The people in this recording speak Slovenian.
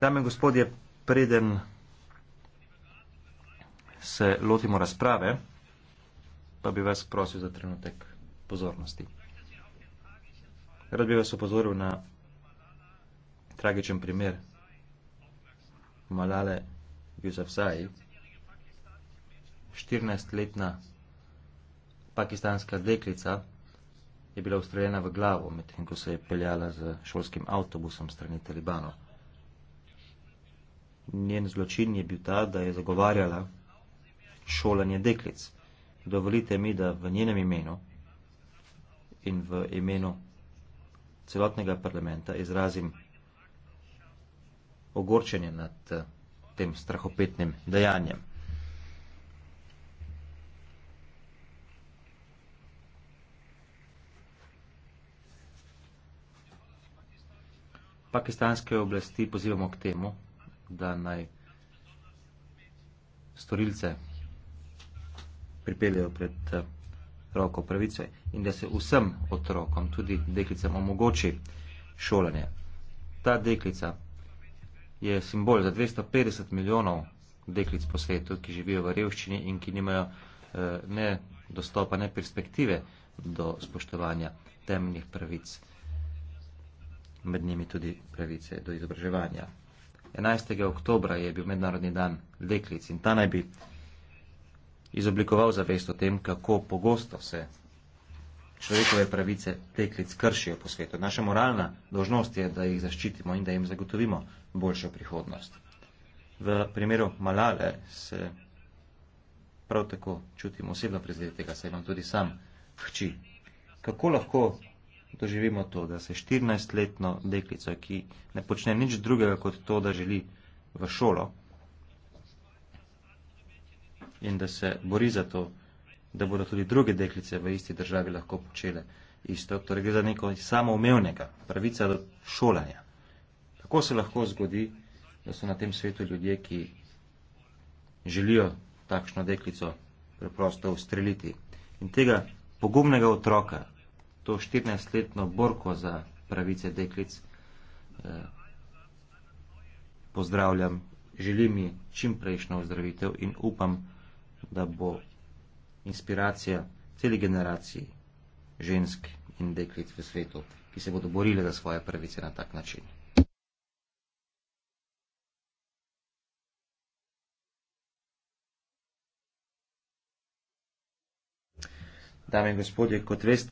Dame in gospodje, preden se lotimo razprave, pa bi vas prosil za trenutek pozornosti. Rad bi vas opozoril na tragičen primer Malale Yousafzai, 14-letna pakistanska deklica, je bila ustreljena v glavo, medtem ko se je peljala z šolskim avtobusom strani Talibanov njen zločin je bil ta, da je zagovarjala šolanje deklic. Dovolite mi, da v njenem imenu in v imenu celotnega parlamenta izrazim ogorčenje nad eh, tem strahopetnim dejanjem. Pakistanske oblasti pozivamo k temu, da naj storilce pripeljejo pred eh, roko pravice in da se vsem otrokom, tudi deklicam, omogoči šolanje. Ta deklica je simbol za 250 milijonov deklic po svetu, ki živijo v revščini in ki nimajo eh, ne dostopa, ne perspektive do spoštovanja temnih pravic, med njimi tudi pravice do izobraževanja. 11. oktober je bil mednarodni dan deklic in ta naj bi izoblikoval zavest o tem, kako pogosto se človekove pravice deklic kršijo po svetu. Naša moralna dožnost je, da jih zaščitimo in da jim zagotovimo boljšo prihodnost. V primeru Malale se prav tako čutim osebno prizadetega, saj imam tudi sam hči. Kako lahko doživimo to, da se 14-letno deklico, ki ne počne nič drugega kot to, da želi v šolo in da se bori za to, da bodo tudi druge deklice v isti državi lahko počele isto, torej gre za neko samoumevnega pravica do šolanja. Kako se lahko zgodi, da so na tem svetu ljudje, ki želijo takšno deklico preprosto ustreliti in tega pogumnega otroka, to 14-letno borko za pravice deklic. Eh, pozdravljam, želim mi čim prejšnjo ozdravitev in upam, da bo inspiracija celi generaciji žensk in deklic v svetu, ki se bodo borile za svoje pravice na tak način. Dame in gospodje, kot veste,